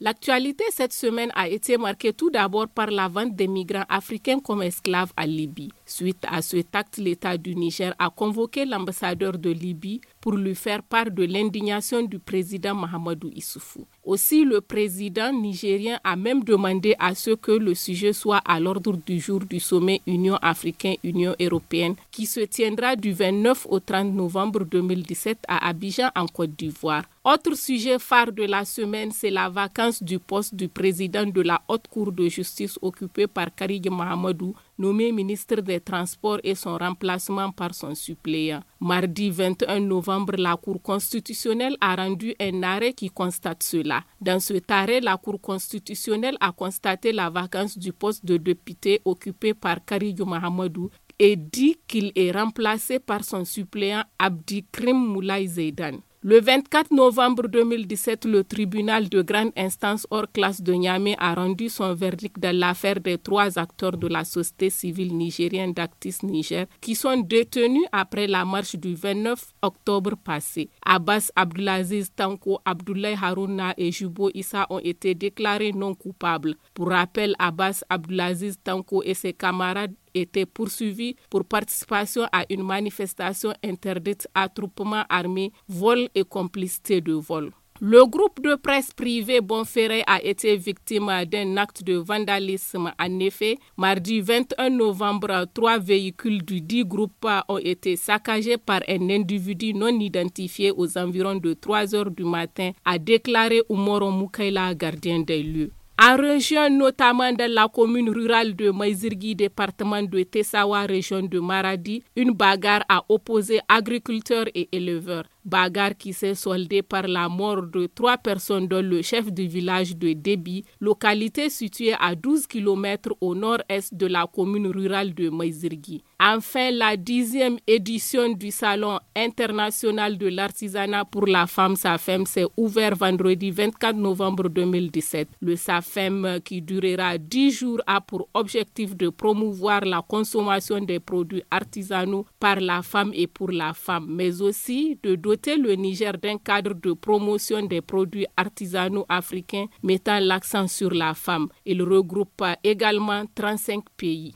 L'actualité cette semaine a été marquée tout d'abord par la vente des migrants africains comme esclaves à Libye. Suite à ce acte, l'État du Niger a convoqué l'ambassadeur de Libye pour lui faire part de l'indignation du président Mahamadou Issoufou. Aussi, le président nigérien a même demandé à ce que le sujet soit à l'ordre du jour du sommet Union africaine-Union européenne qui se tiendra du 29 au 30 novembre 2017 à Abidjan en Côte d'Ivoire. Autre sujet phare de la semaine, c'est la vacance du poste du président de la Haute Cour de justice occupée par Karig Mahamadou nommé ministre des Transports et son remplacement par son suppléant. Mardi 21 novembre, la Cour constitutionnelle a rendu un arrêt qui constate cela. Dans cet arrêt, la Cour constitutionnelle a constaté la vacance du poste de député occupé par Karigou Mahamadou et dit qu'il est remplacé par son suppléant Abdi Krim Moulay Zeidan. Le 24 novembre 2017, le tribunal de grande instance hors classe de Niamey a rendu son verdict dans l'affaire des trois acteurs de la société civile nigérienne d'Actis Niger qui sont détenus après la marche du 29 octobre passé. Abbas Abdulaziz Tanko, Abdoulaye Harouna et Jubo Issa ont été déclarés non coupables. Pour rappel, Abbas Abdulaziz Tanko et ses camarades été poursuivi pour participation à une manifestation interdite attroupement armé, vol et complicité de vol. Le groupe de presse privé Bonferré a été victime d'un acte de vandalisme. En effet, mardi 21 novembre, trois véhicules du dit groupe ont été saccagés par un individu non identifié aux environs de 3 heures du matin, a déclaré Oumoro Moukayla, gardien des lieux en région notamment dans la commune rurale de Maizirgi, département de Tessawa, région de Maradi, une bagarre a opposé agriculteurs et éleveurs bagarre qui s'est soldée par la mort de trois personnes dont le chef du village de Déby, localité située à 12 km au nord-est de la commune rurale de Maizirgi. Enfin, la dixième édition du Salon international de l'artisanat pour la femme SAFEM s'est ouverte vendredi 24 novembre 2017. Le SAFEM, qui durera dix jours, a pour objectif de promouvoir la consommation des produits artisanaux par la femme et pour la femme, mais aussi de doter le Niger d'un cadre de promotion des produits artisanaux africains mettant l'accent sur la femme. Il regroupe également 35 pays.